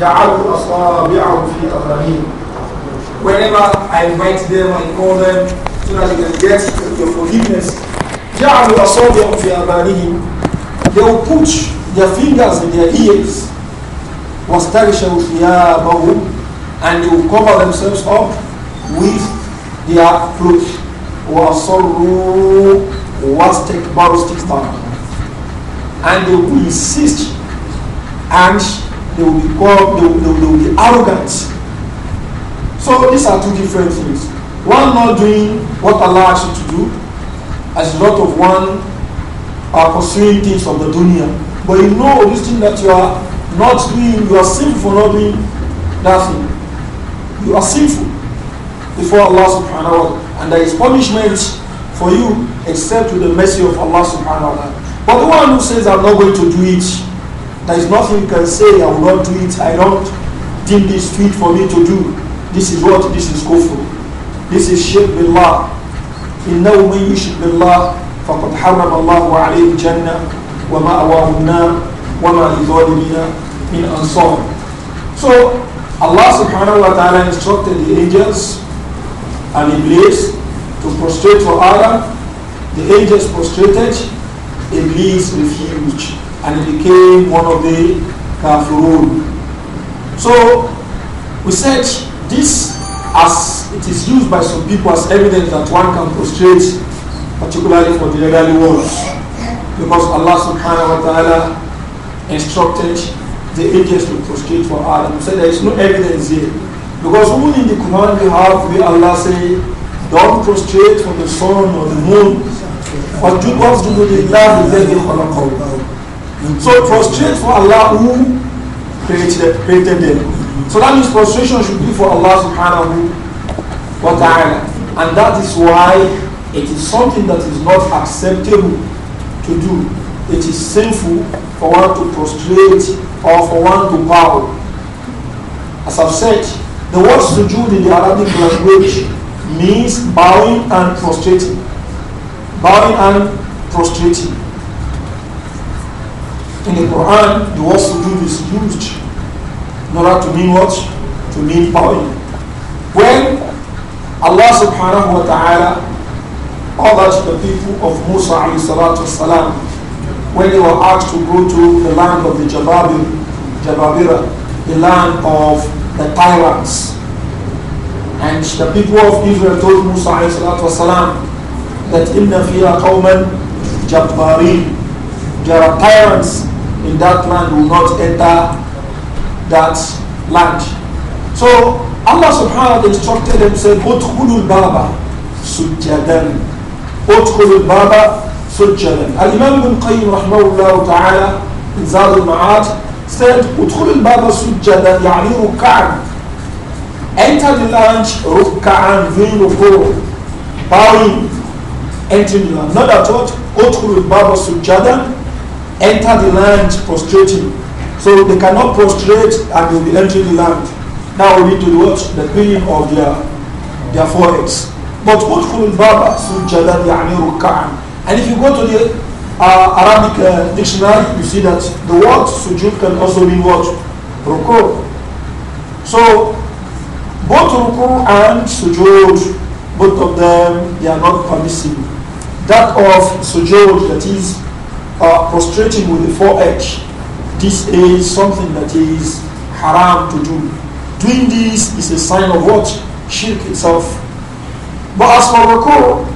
جعلوا أصابعهم في أخرين whenever I invite them I call them so that they can get your forgiveness جعلوا أصابعهم في أخرين they will put their fingers in their ears واستغشوا ثيابهم and they will cover themselves up with their clothes وأصروا واستكبروا استكبارا and they will insist and they will become, they will, they, will, they will be arrogant. So these are two different things. One not doing what Allah asks you to do, as a lot of one are pursuing things of the dunya. But you know this thing that you are not doing, you are sinful for not doing nothing. You are sinful before Allah subhanahu wa ta'ala. And there is punishment for you except with the mercy of Allah subhanahu wa ta'ala. But the one who says I'm not going to do it, there is nothing you can say, I will not do it, I don't deem this fit for me to do. This is what? This is kufr. This is shirk billah. إِنَّهُ مَنْ يُشْرِكْ بِاللَّهِ فَقَدْ حَرَّمَ اللَّهُ عَلَيْهِ الْجَنَّةِ وَمَأْوَاهُ النَّارُ وَمَا لِظَالِمِينَ مِنْ أَنصَارٍ So, Allah subhanahu wa ta'ala instructed the angels and Iblis to prostrate for Allah. The angels prostrated, Iblis refused and he became one of the kafirun. So we said this as it is used by some people as evidence that one can prostrate, particularly for the elderly ones, because Allah subhanahu wa ta'ala instructed the atheist to prostrate for Adam. We said there is no evidence here. Because only in the Quran we have where Allah say, don't prostrate for the sun or the moon. But do what do the Allah so prostrate for Allah who created, created them. So that means prostration should be for Allah subhanahu wa ta'ala. And that is why it is something that is not acceptable to do. It is sinful for one to prostrate or for one to bow. As I've said, the word sujood in the Arabic language means bowing and prostrating. Bowing and prostrating in the Quran, the also do is used in order to mean what? To mean power. When Allah subhanahu wa ta'ala ordered the people of Musa alayhi salatu salam when they were asked to go to the land of the Jababir, Jababira, the land of the tyrants. And the people of Israel told Musa alayhi salatu salam that inna fiya qawman jabbarin there are tyrants in that land will not enter that land. So Allah subhanahu wa ta'ala instructed them, said, Utkulul Baba Sujjadan. Utkulul Baba Sujadan. Al Imam bin Qayyim rahmahullah ta'ala in Zad al Ma'at said, Utkulul Baba Sujjadan, Yani Ruk'an. Enter the land, Ruk'an, Vin go. bowing, entering the land. Not at all, Utkulul Baba Sujadan enter the land prostrating. So they cannot prostrate and they will be entering the land. Now we need to watch the cleaning of their their foreheads. But what could Baba Sujadat Yani And if you go to the uh, Arabic uh, dictionary, you see that the word sujud can also mean what? Ruku. So both ruku and sujud, both of them, they are not permissible. That of sujud, that is uh, prostrating with the forehead, this is something that is haram to do. Doing this is a sign of what? Shirk itself. But as for Ruku,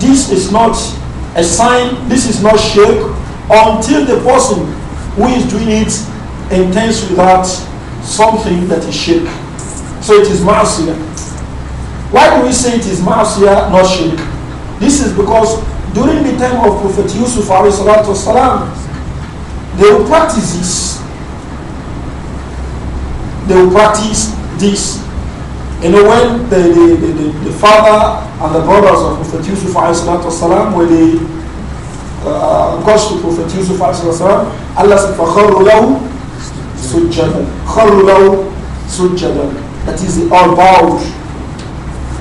this is not a sign, this is not shirk until the person who is doing it intends without something that is shirk. So it is ma'asiyah. Why do we say it is ma'asiyah, not shirk? This is because during the time of Prophet Yusuf والسلام, they will practice this. They will practice this. You know, when the, the, the, the, father and the brothers of Prophet Yusuf والسلام, when they uh, got to Prophet Yusuf والسلام, Allah said, فَخَرُّ لَهُ سُجَّدًا لَهُ سُجَّدًا That is, they all bowed.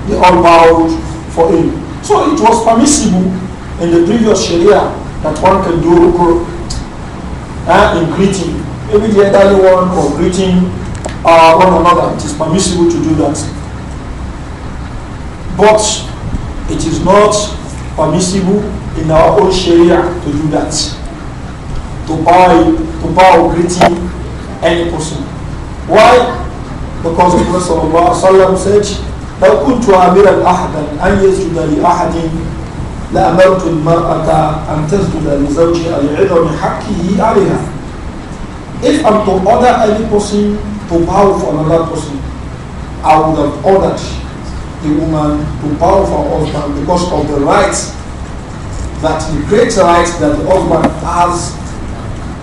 They all bowed for him. So it was permissible in the previous Sharia that one can do ruku uh, in greeting, maybe the elderly one or greeting uh, one another. It is permissible to do that. But it is not permissible in our own Sharia to do that. To bow, to bow greeting any person. Why? Because the Prophet said, لو كنت أميرا أحدا أن يسجد لأحد لأمرت المرأة أن تسجد لزوجها لعظم حقه عليها If I'm to order any person to bow for another person, I would have ordered the woman to bow for her husband because of the rights that the great rights that the husband has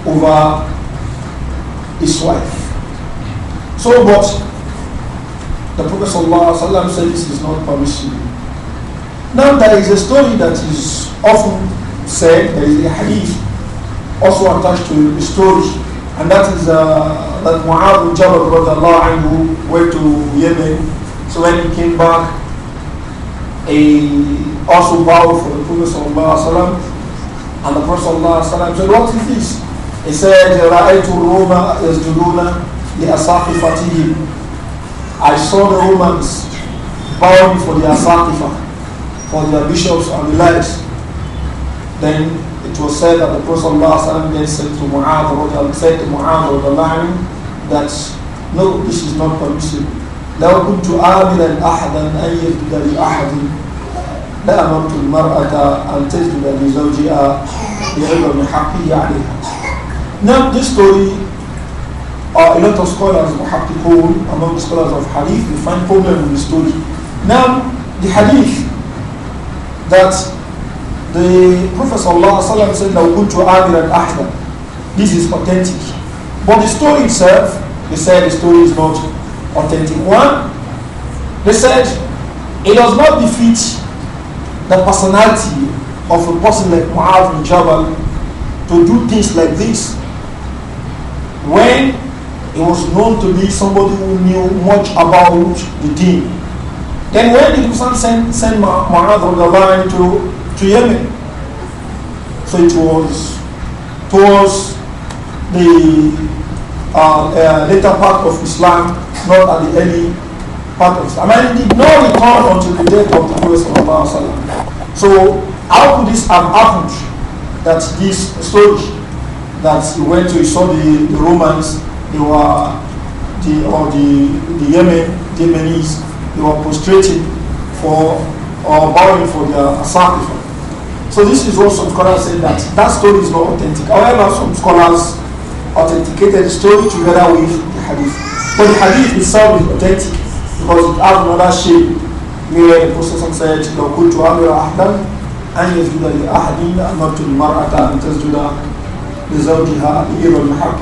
over his wife. So, but the Prophet ﷺ said this is not permissible. Now there is a story that is often said, there is a hadith also attached to the story, and that is uh, that Mu'adh Jabal anhu went to Yemen. So when he came back, he also bowed for the Prophet sallam, and the Prophet sallam, said, what is this? He said, رَأَيْتُ الرُّومَ يَسْجُدُونَ لِأَصَاقِ فَتِهِمْ I saw the Romans bowing for their sacrifice for their bishops and the likes. Then it was said that the Prophet then said to Mu'adh, said to Mu'adh that no, this is not permissible. لو كنت آمنا أحدا أن يسجد لأحد لأمرت المرأة أن تسجد لزوجها لعلم حقه عليها. Now this story, uh, a lot of scholars محققون among the scholars of hadith, we find problem in the story. Now the hadith that the Prophet ﷺ said, "Now go to Amir and Ahmed. This is authentic, but the story itself, they said the story is not authentic. One, they said it does not defeat the personality of a person like Mu'adh bin Jabal to do things like this when it was known to be somebody who knew much about the deen then when did Musa send, send the line to, to Yemen? So it was towards the uh, uh, later part of Islam, not at the early part of Islam. I mean, did not return until the death of the Prophet So how could this have happened? That this story that he went to, he saw the, the Romans, they were the or the the Yemen, Yemenis, they were prostrating for or bowing for their sacrifice. So this is what some scholars say that that story is not authentic. However, some scholars authenticated the story together with the hadith. But the hadith itself is authentic because it has another shape where the Prophet said, لو the أمر and أن يسجد لأحد أمرت المرأة أن تسجد the غير المحق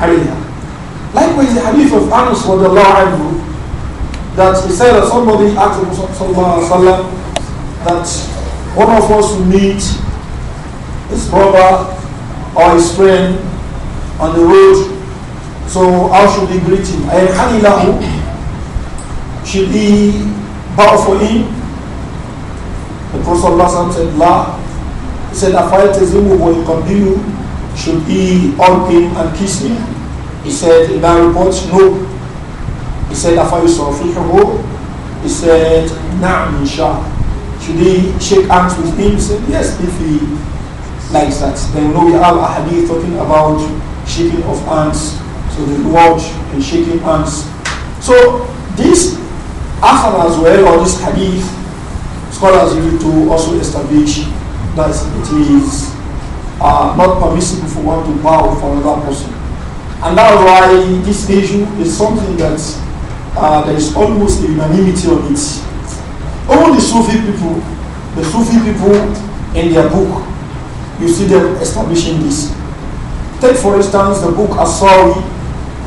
عليها. Likewise, the hadith of Anas radiallahu anhu that he said that somebody asked him uh, sallam, that one of us will meet his brother or his friend on the road. So how should he greet him? Should he bow for him? The Prophet said, La. He said, Afayatazimu wa yuqabbilu. Should he hug him and kiss him? He said, in that report, no. He said, أَفَيُصَرْفِحُهُ He said, نَعْمْ إِنْشَاءَ Should he shake hands with him? He said, yes, if he likes that. Then we have a hadith talking about shaking of hands. So the reward and shaking hands. So this akhar as well, or this hadith, scholars need to also establish that it is uh, not permissible for one to bow for another person. And that's why this issue is something that uh, there is almost a unanimity on it. All the Sufi people, the Sufi people in their book, you see them establishing this. Take for instance the book Asawi,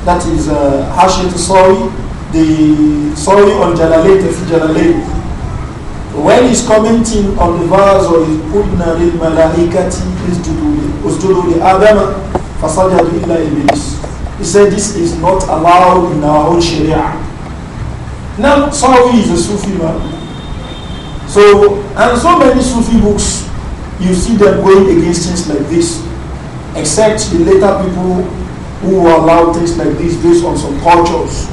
that is uh, Hashim Sawi, the Sawi on Jalalayn, Tafi Jalalay. When he's commenting on the verse or he's putting a real malaikati is to the Adama, Fasajadu illa Iblis. He said this is not allowed in our own Sharia. Now, Sawi is a Sufi man. So, and so many Sufi books, you see them going against things like this, except the later people who allow things like this based on some cultures.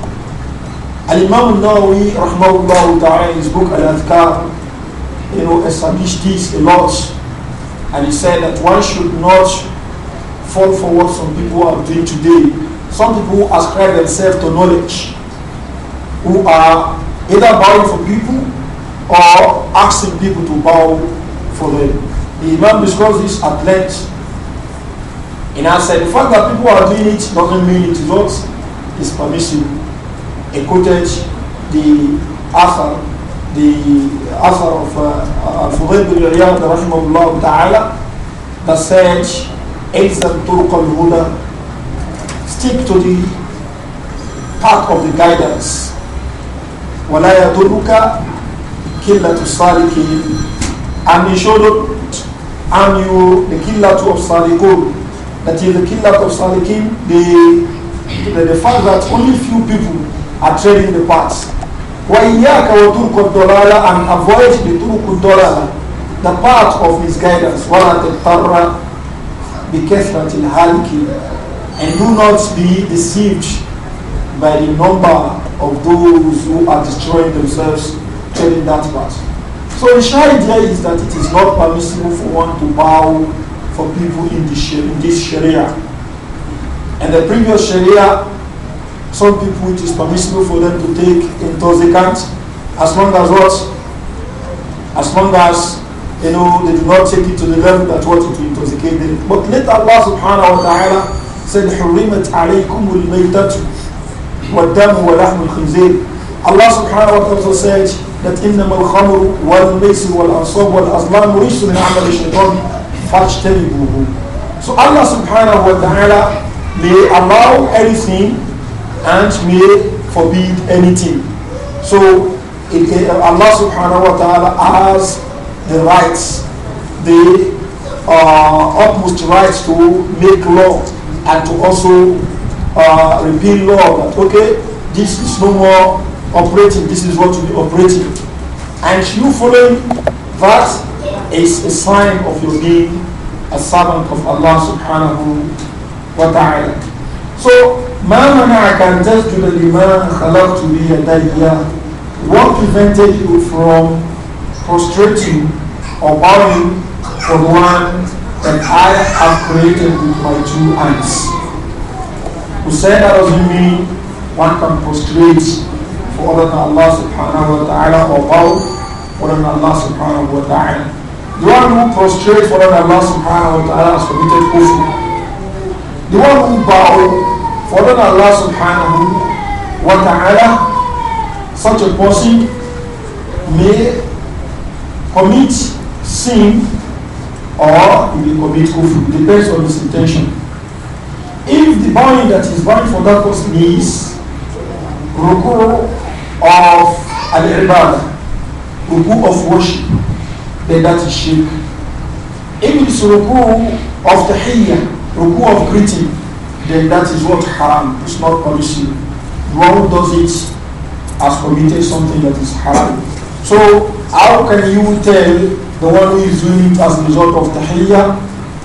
And Imam Nawawi, rahmahullah ta'ala, in his book Al-Adhkar, you know, established this a lot. And he said that one should not fall for what some people are doing today. Some people ascribe themselves to knowledge who are either bowing for people or asking people to bow for them. The Imam discussed this at length. And I said, the fact that people are doing it doesn't mean it is not is permissible. He quoted the author, the author of uh, Al-Fudayl bin the rahimahullah ta'ala, that said, Aizan turq al-huda, stick to the path of the guidance ولا يضرك قلة الصالحين and it shouldn't and you the qillatu of salikun that is the qillat of the, the, the fact that only few people are treading the path وإياك وترك الضلال and avoid the ترك الضلال the path of His misguidance ولا تضطر بكثرة الهالكين and do not be deceived by the number of those who are destroying themselves telling that part. So the shy idea is that it is not permissible for one to bow for people in, the, in this Sharia. And the previous Sharia, some people it is permissible for them to take intoxicant as long as what? As long as you know they do not take it to the level that what it intoxicate them. But let Allah subhanahu wa ta'ala said, حُرِّمَتْ alaykumul الْمَيْتَةُ والدم ولحم الخنزير Allah subhanahu wa ta'ala said that إنما الخمر والميسر والأنصاب والأزلام رجس من عمل الشيطان فاجتنبوه So Allah subhanahu wa ta'ala may allow anything and may forbid anything. So it, it, Allah subhanahu wa ta'ala has the rights, the uh, utmost rights to make law and to also uh, repeal law that, okay, this is no more operating, this is what will be operating. And you following that is a sign of your being a servant of Allah subhanahu wa ta'ala. So, ما منعك أن to be خلقت بيدي What prevented you from prostrating or bowing for the one that I have created with my two hands? who said that doesn't mean one can prostrate for other than Allah subhanahu wa ta'ala or bow for other than Allah subhanahu wa ta'ala. The one who prostrates for other than Allah subhanahu wa ta'ala has committed kufr. The one who bows for other than Allah subhanahu wa ta'ala, such a person may commit sin or he may commit kufr. Depends on his intention. If the body that is bowing for that person is ruku of al-ibadah, ruku of worship, then that is shirk. If it's ruku of tahiyyah, ruku of greeting, then that is what haram. It's not permissible. one who does it as committed something that is haram. So how can you tell the one who is doing it as a result of tahiyyah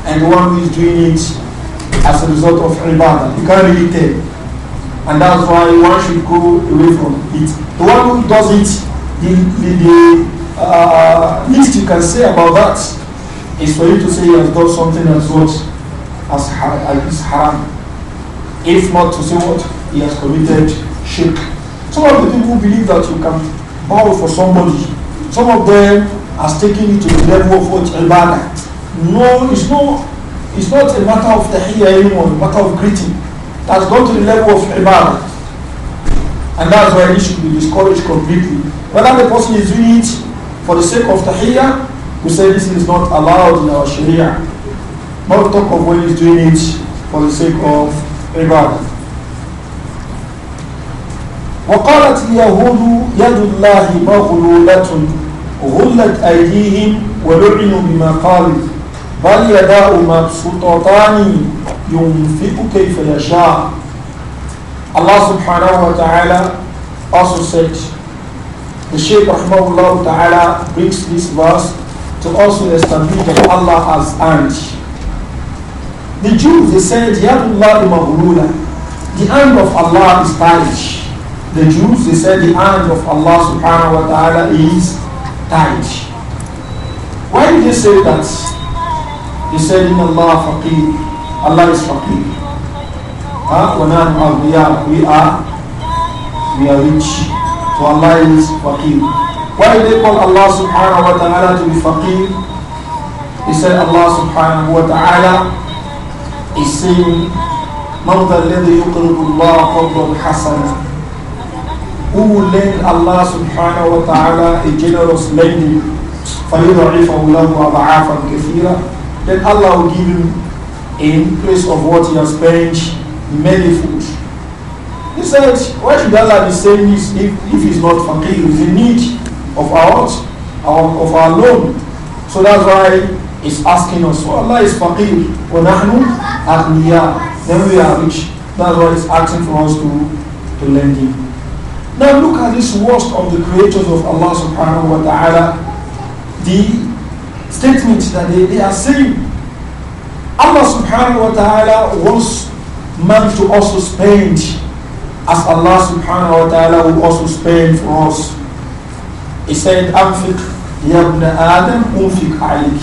and the one who is doing it as a result of ibadah. You can't really tell. And that's why one should go away from it. The one who does it, the, the, the uh, least you can say about that is for you to say he has done something as what as is haram. If not to say what he has committed shirk. Some of the people believe that you can bow for somebody. Some of them has taken it to the level of what ibadah. No, it's no it's not a matter of tahiyya anymore, a matter of greeting. That's gone to the level of ibadah. And that's why it should be discouraged completely. Whether the person is doing it for the sake of tahiyya, we say this is not allowed in our sharia. Not talk of when he's doing it for the sake of ibadah. وقالت اليهود يد الله مغلولة غلت أيديهم ولعنوا بما قالوا فاليداء مبسوطتان ينفق كيف يشاء Allah سبحانه وتعالى also said the Shaykh rahmahullah ta'ala brings this verse to also establish that Allah has earned the Jews they said Yadullah maghlula the hand of Allah is tied the Jews they said the hand of Allah subhanahu wa ta'ala is tied why did they say that He said, In Allah faqir. Allah is faqir. We are, we are rich. So Allah is faqir. Why do they call Allah subhanahu wa ta'ala to be faqir? He said, Allah subhanahu wa ta'ala is saying, من ذا الذي يقرض الله قرضا حسنا who will lend Allah subhanahu wa ta'ala a generous lending فيضعفه له أضعافا كثيرة then Allah will give him in place of what he has spent many food. He said, why should Allah be saying this if, if he's not faqih, he's the need of our, our, of our loan. So that's why he's asking us, so oh, Allah is faqih, وَنَحْنُ أَغْنِيَا Then we are rich. That's why he's asking for us to, to lend him. Now look at this worst of the creators of Allah subhanahu wa ta'ala, the statement that they, they are saying. Allah subhanahu wa ta'ala wants man to also spend as Allah subhanahu wa ta'ala will also spend for us. He said, Anfiq ya ibn Adam, unfiq alik.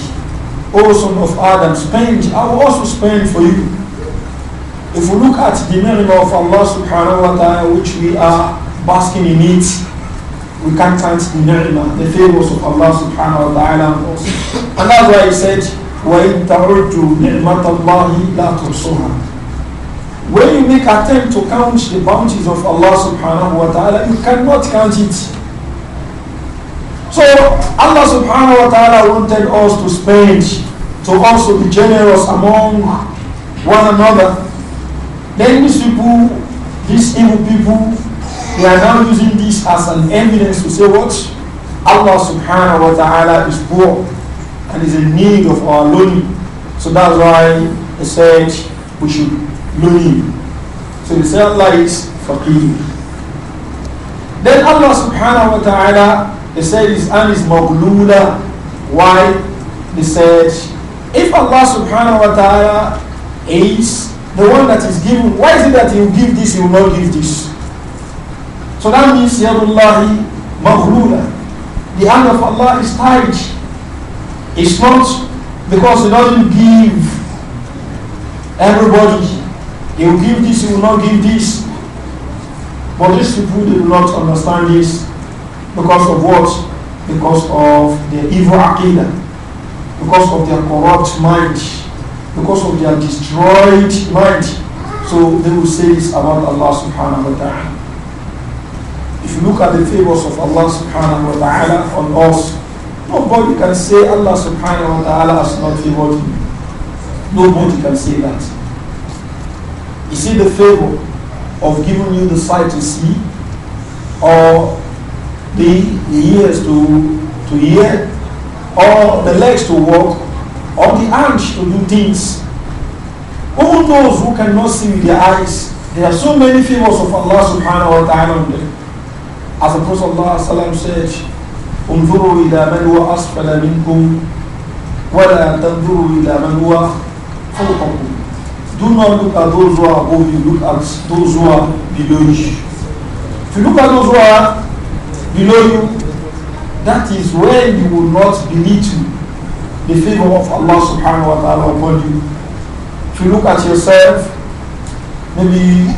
O son of Adam, spend, I will also spend for you. If we look at the memory of Allah subhanahu wa ta'ala, which we are basking in it, we can't count the ni'mah, the favors of Allah subhanahu wa ta'ala on us. And that's why he said, وَإِن تَعُدُّوا نِعْمَةَ اللَّهِ لَا When you make attempt to count the bounties of Allah subhanahu wa ta'ala, you cannot count it. So Allah subhanahu wa ta'ala wanted us to spend, to also be generous among one another. Then these people, these evil people, we are now using this as an evidence to say what? Allah subhanahu wa ta'ala is poor and is in need of our loaning. So that's why He said we should loan him. So they say Allah is faqir. Then Allah subhanahu wa ta'ala, He said his hand is maglula. Why? He said, if Allah subhanahu wa ta'ala is the one that is giving, why is it that he will give this, he will not give this? So that means Yadullahi Maghlula. The hand of Allah is tight. It's not because He doesn't give everybody. He will give this, He will not give this. But these people do not understand this because of what? Because of their evil aqidah, because of their corrupt mind, because of their destroyed mind. So they will say this about Allah subhanahu wa ta'ala. If you look at the favors of Allah subhanahu wa ta'ala on us, nobody can say Allah subhanahu wa ta'ala has not favored you. Nobody can say that. Is it the favor of giving you the sight to see or the, the ears to, to hear or the legs to walk or the hands to do things? All those who cannot see with their eyes, there are so many favors of Allah subhanahu wa ta'ala on them. As the Prophet ﷺ said, انظروا إلى من هو أسفل منكم ولا تنظروا إلى من هو فوقكم. Do not look at those who are above you, look at those who are below you. If you look at those who are below you, that is where you will not be belittle the favor of Allah subhanahu wa ta'ala upon you. If you look at yourself, maybe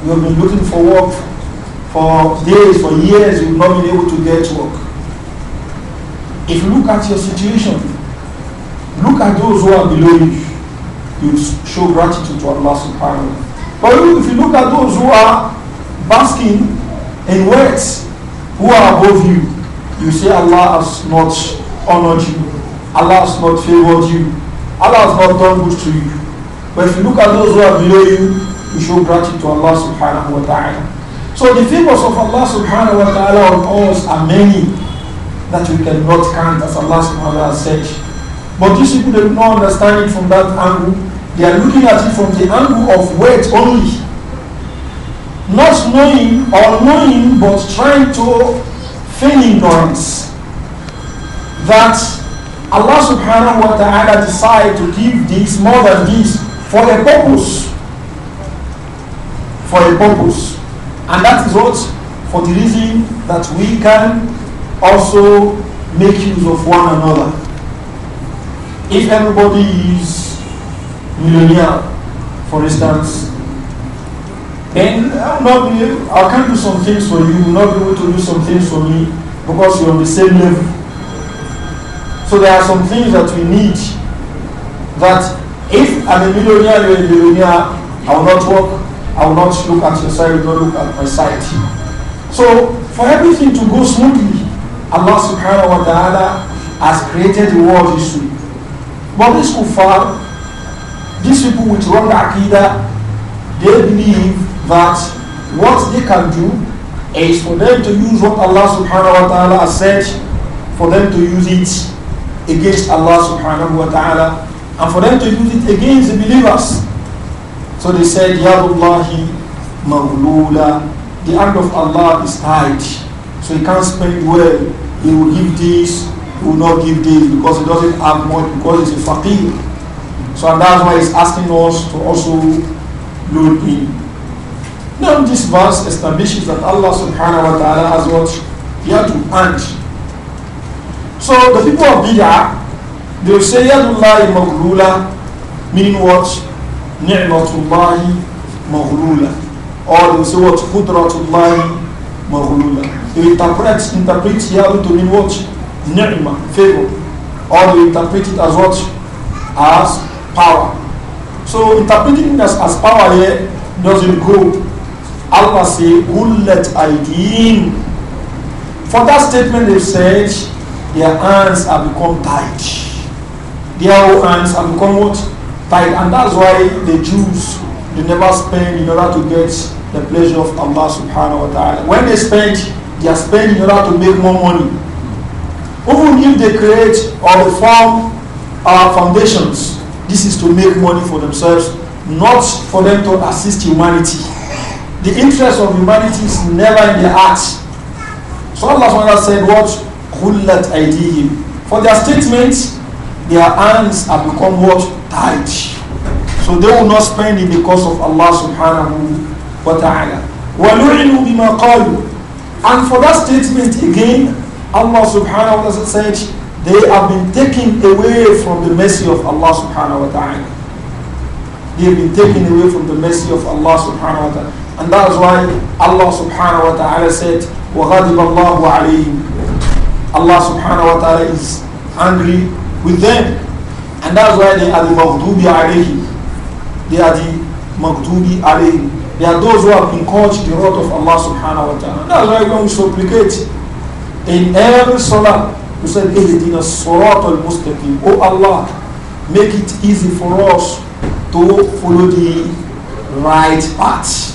you have been looking for work for days, for years, you've not been able to get work. If you look at your situation, look at those who are below you, you show gratitude to Allah subhanahu wa ta'ala. But if you look at those who are basking in words, who are above you, you say Allah has not honored you, Allah has not favored you, Allah has not done good to you. But if you look at those who are below you, you show gratitude to Allah subhanahu wa ta'ala. So the favors of Allah subhanahu wa ta'ala on us are many that we cannot count as Allah subhanahu wa ta'ala said. But these people do not understand it from that angle. They are looking at it from the angle of weight only. Not knowing or knowing but trying to feign ignorance. That Allah subhanahu wa ta'ala decided to give this more than this for a purpose. For a purpose. And that is what? For the reason that we can also make use of one another. If everybody is millionaire, for instance, then I'll not be, I can do some things for you, you'll not be able to do some things for me because you're on the same level. So there are some things that we need that if I'm a millionaire, you're a millionaire, I will not work. I will not look at your side, I will not look at my side. So for everything to go smoothly, Allah subhanahu wa ta'ala has created the world this way. But this kuffar, these people with wrong akida, they believe that what they can do is for them to use what Allah subhanahu wa ta'ala has said, for them to use it against Allah subhanahu wa ta'ala, and for them to use it against the believers. So they said, Yadullahi Mawlula, the hand of Allah is tied. So he can't spend well. He will give this, he will not give this because he doesn't have much because he's a faqir. So that's why he's asking us to also load in. Now this verse establishes that Allah subhanahu wa ta'ala has what? to and. So the people of Bid'ah, they will say Yadullahi Mawlula, meaning what? ni'matullahi maghlula or you say what qudratullahi maghlula you interpret interpret here to mean what ni'ma favor or you interpret it as what as power so interpreting as, as power here doesn't go Allah say gullat aydin for that statement they said their hands have become tied their hands have become what And that's why the Jews, they never spend in order to get the pleasure of Allah subhanahu wa ta'ala. When they spend, they are spending in order to make more money. Even if they create or they form uh, foundations, this is to make money for themselves, not for them to assist humanity. The interest of humanity is never in their heart. So Allah said, What? Hullat aydihim. For their statements, their hands have become what? So they will not spend it because of Allah subhanahu wa ta'ala. And for that statement again, Allah subhanahu wa ta'ala said, they have been taken away from the mercy of Allah subhanahu wa ta'ala. They have been taken away from the mercy of Allah subhanahu wa ta'ala. And that is why Allah subhanahu wa ta'ala said, وَغَضِبَ اللَّهُ عَلَيْهِمْ Allah subhanahu wa ta'ala is angry with them. And that's why they are the Maghdubi alayhim. They are the Maghdubi alayhim. They are those who have been caught the wrath of Allah subhanahu wa ta'ala. That's why when we supplicate in every salah, we say, Ihdina surat al mustaqim. Oh Allah, make it easy for us to follow the right path.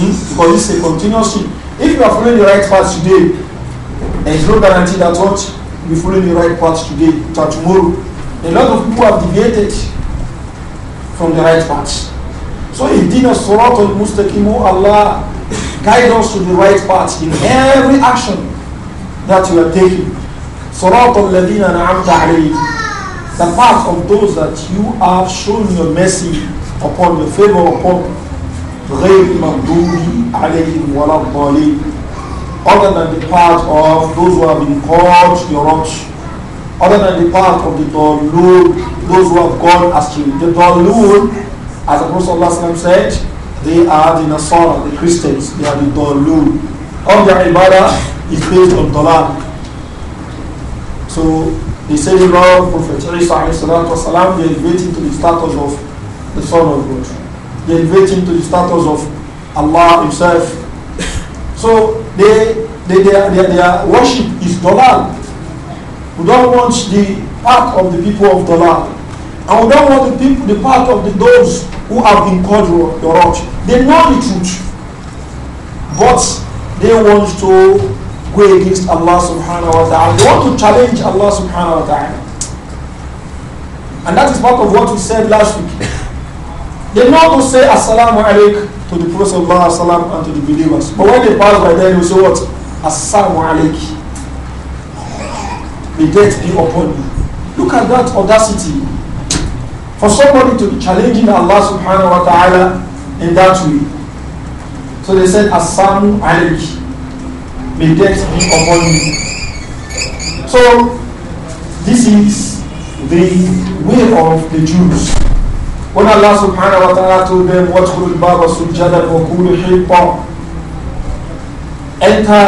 Hmm? Because it's a continuous thing. If you are following the right path today, there is no guarantee that what you follow the right path today, that tomorrow a lot of people have deviated from the right path. So Ihdina Suratul Mustaqim, Allah guide us to the right path in every action that you are taking. Suratul Ladina Na'amta The path of those that you have shown your mercy upon, the favor upon. غير Other than the path of those who have been called your own other than the part of the Dalun, those who have gone astray. The Dalun, as the Prophet said, they are the Nasara, the Christians, they are the Dalun. All their ibadah is based on Dalan. So they say about Prophet Isa والسلام, they are waiting to the status of the Son of God. They are waiting to the status of Allah Himself. So they, they, they, they, their worship is Dalal. We don't want the part of the people of the land, And we don't want the people, the part of the those who have incurred the wrath. They know the truth. But they want to go against Allah subhanahu wa ta'ala. They want to challenge Allah subhanahu wa ta'ala. And that is part of what we said last week. They know to say assalamu alaikum to the Prophet and to the believers. But when they pass by them, they say what? Assalamu alaikum may death be upon you. Look at that audacity. For somebody to be challenging Allah subhanahu wa ta'ala in that way. So they said, Assalamu alayhi. May death be upon you. So this is the way of the Jews. When Allah subhanahu wa ta'ala told them, "What وَادْخُلُوا الْبَابَ سُجَّدًا وَكُولُوا حِطًّا Enter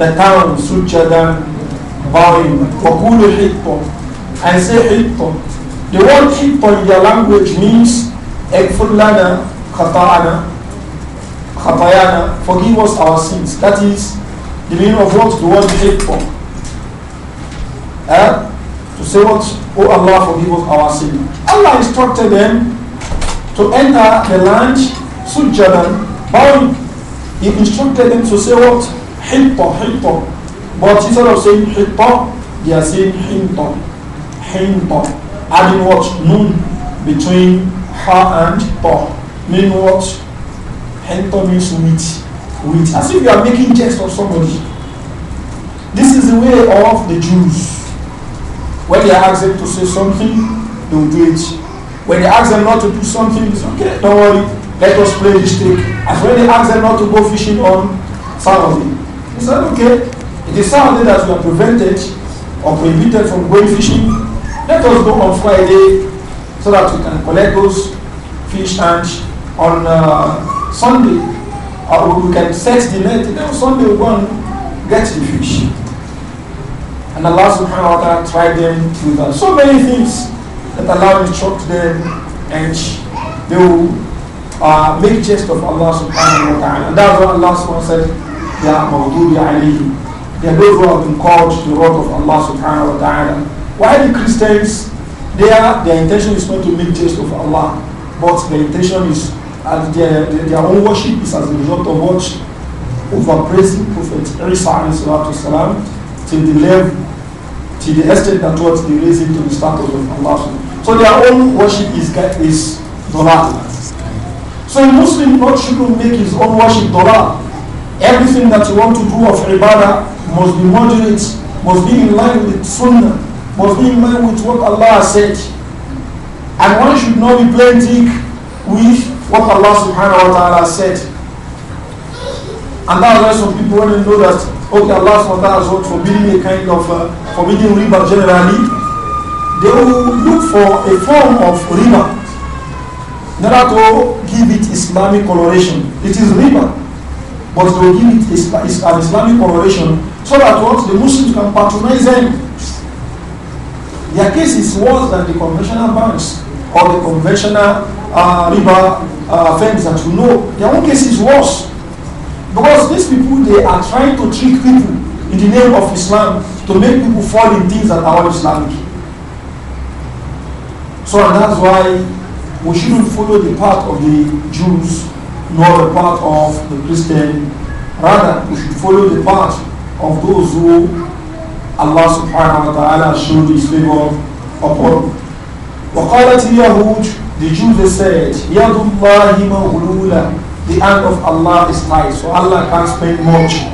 the town Sujadan bowing, وَقُولُ حِطَّ I say حِطَّ The word حِطَّ in their language means اغفر لنا خطاعنا Forgive us our sins. That is the meaning of what? The word حِطَّ Eh? To say what? Oh Allah, forgive us our sin. Allah instructed them to enter the land Sujadan, bowing. He instructed them to say what? Hitta, hitta. But instead of saying Hitta, they are saying Hinton. Hinton. Adding what? nun between Ha and Ta. Meaning what? Hinton means wheat. Wheat. As if you are making jest of somebody. This is the way of the Jews. When they ask them to say something, they will do it. When they ask them not to do something, it's okay, don't worry, let us play this trick. As when they ask them not to go fishing on Saturday, they said, okay, it is Saturday that we are prevented or prohibited from going fishing. Let us go on Friday so that we can collect those fish and on uh, Sunday or uh, we can set the net and then Sunday we go and get the fish. And Allah subhanahu wa ta'ala tried them with us. so many things that Allah will to them and they will uh, make jest of Allah subhanahu wa ta'ala. And that's what Allah subhanahu wa ta'ala said, Ya Mawdudi alayhi. They are those who have been called to the wrath of Allah subhanahu wa ta'ala. Why the Christians, their, their intention is not to make taste of Allah, but their intention is, and their, their own worship is as a result of what? Overpraising Prophet Isa salam, till the level, till the extent that what they raise it to the status of Allah. So their own worship is, is dollar. So a Muslim not shouldn't make his own worship dollar. Everything that you want to do of ibadah, must be moderate, must be in line with the sunnah, must be in line with what Allah said. And one should not be playing with what Allah subhanahu wa ta'ala said. And that's why some people want to know that, okay, Allah subhanahu wa ta'ala is not forbidding a kind of, uh, forbidding riba generally. They will look for a form of riba in order give it Islamic coloration. It is riba, but they will give it an Islamic coloration so that once the Muslims can patronize them. Their case is worse than the conventional banks or the conventional uh, riba uh, firms that you know. Their own case is worse. Because these people, they are trying to trick people in the name of Islam to make people fall in things that are Islamic. So and that's why we shouldn't follow the path of the Jews nor the path of the Christian. Rather, we should follow the path of those who Allah subhanahu wa ta'ala showed his favor upon. وقالت اليهود the Jews they said يد الله مغلولة the hand of Allah is tight so Allah can't spend much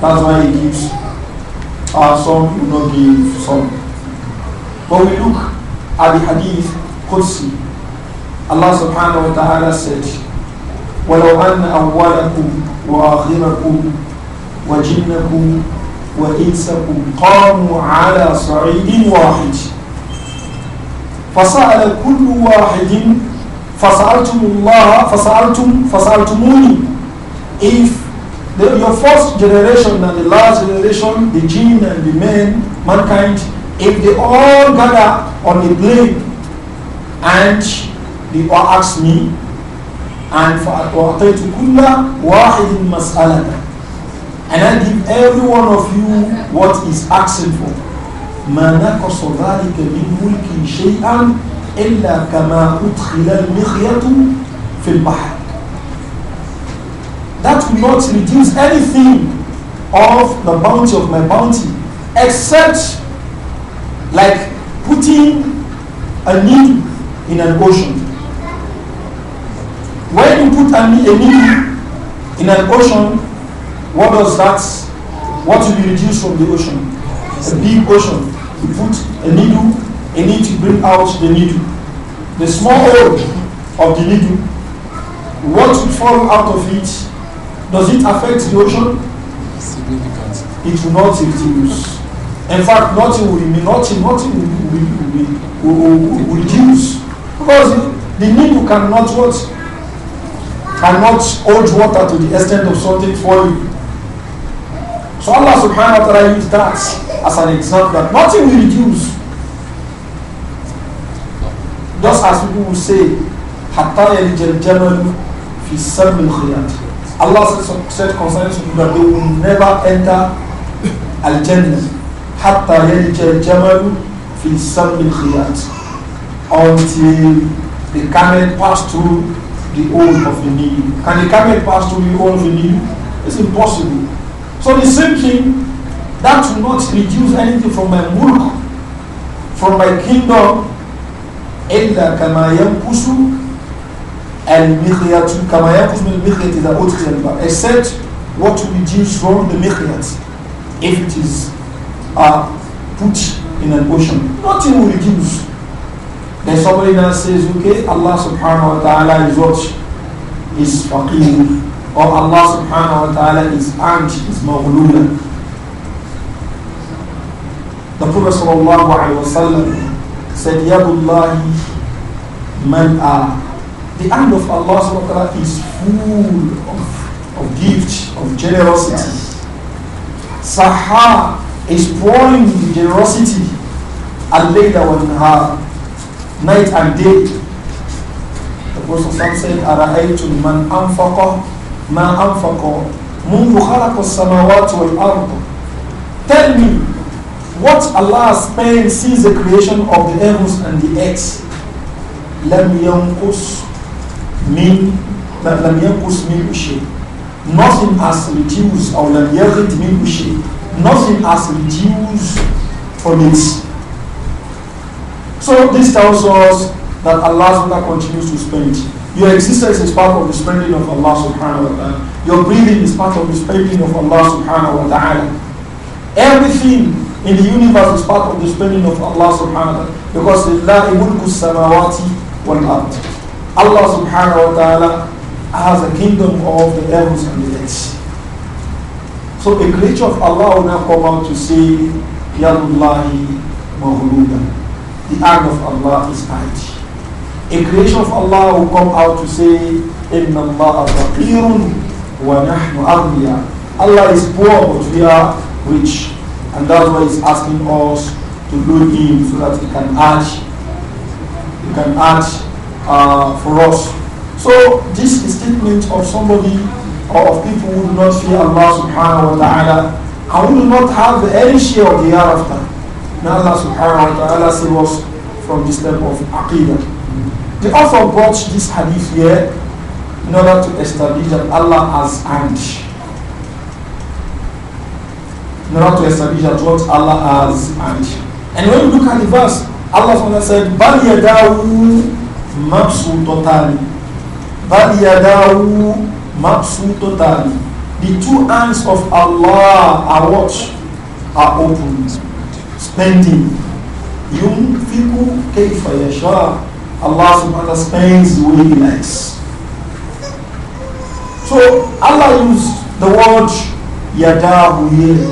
that's why he gives uh, some will not give some but we look at the hadith Qudsi Allah subhanahu wa ta'ala said ولو أن أولكم وآخركم وجنكم وإنسكم قاموا على صعيد واحد فسأل كل واحد فسألتم الله فسألتم فسألتموني if the, your first generation and the last generation the jinn and the men mankind if they all gather on the plain and they all ask me and فأعطيت كل واحد مسألته And I give every one of you what is asking for. ما نقص ذلك من ملكي شيئا إلا كما أدخل المخيط في البحر. That will not reduce anything of the bounty of my bounty except like putting a needle in an ocean. When you put a needle in an ocean, what does that, what will be reduced from the ocean? It's A big ocean. You put a needle in it to bring out the needle. The small hole of the needle, what will fall out of it? Does it affect the ocean? Significant. It will not reduce. In fact, nothing will remain, nothing, nothing will, will, will, will, will reduce. Because the needle cannot what? Cannot hold water to the extent of something for you. So Allah subhanahu wa ta'ala used that as an example that nothing will reduce. Just as people will say, حَتَّى يَلِجَ الْجَمَلُ فِي سَلْمِ الْخِيَاتِ Allah said, said concerning people that they will never enter Al-Jannah حَتَّى يَلِجَ الْجَمَلُ فِي until the camel pass through the hole of the needle. Can the camel pass through the hole of the needle? It's impossible. So the same thing, that will not reduce anything from my mulk, from my kingdom, إلا كما ينقص المخيط كما ينقص من المخيط إذا أدخل البر except what will reduce from the مخيط if it is uh, put in an ocean nothing will reduce then somebody now says okay Allah subhanahu wa ta'ala is what is faqir or Allah subhanahu wa ta'ala is armed, is maghlula. The Prophet sallallahu alayhi wa sallam said, Yadullahi man'a. The hand of Allah subhanahu wa ta'ala is full of, of gift, of generosity. Sahha is pouring the generosity. Al-layla wa nahar. Night and day. The Prophet said, Ara'aytum man anfaqa ما أنفقوا منذ خلق السماوات والأرض Tell me what Allah spent since the creation of the heavens and the earth Lam ينقص min, lam ينقص من شيء Nothing has reduced or lam يغد من شيء Nothing has reduced from it. So this tells us that Allah continues to spend. Your existence is part of the spending of Allah subhanahu wa ta'ala. Your breathing is part of the spending of Allah subhanahu wa ta'ala. Everything in the universe is part of the spending of Allah subhanahu wa ta'ala. Because لِلَّهِ Allah subhanahu wa ta'ala has a kingdom of the heavens and the earth. So a creature of Allah will now come out to say, Yadullahi Allah, The act of Allah is mighty a creation of Allah will come out to say, Inna Allah wa Allah is poor, but we are rich. And that's why He's asking us to do Him so that He can act. He can act uh, for us. So this statement of somebody or of people who do not fear Allah subhanahu wa ta'ala and who do not have any share of the hereafter. May Allah subhanahu wa ta'ala save us from this type of aqidah. The author brought this hadith here in order to establish that Allah has hand. In order to establish that what Allah has hand. And when you look at the verse, Allah said, Bal yadawu mabsu totali. Bal yadawu mabsu totali. The two hands of Allah are what? Are open. Spending. Yunfiku kayfa yasha. Allah subhanahu wa ta'ala spends the way he likes. So Allah used the word Yadahu here.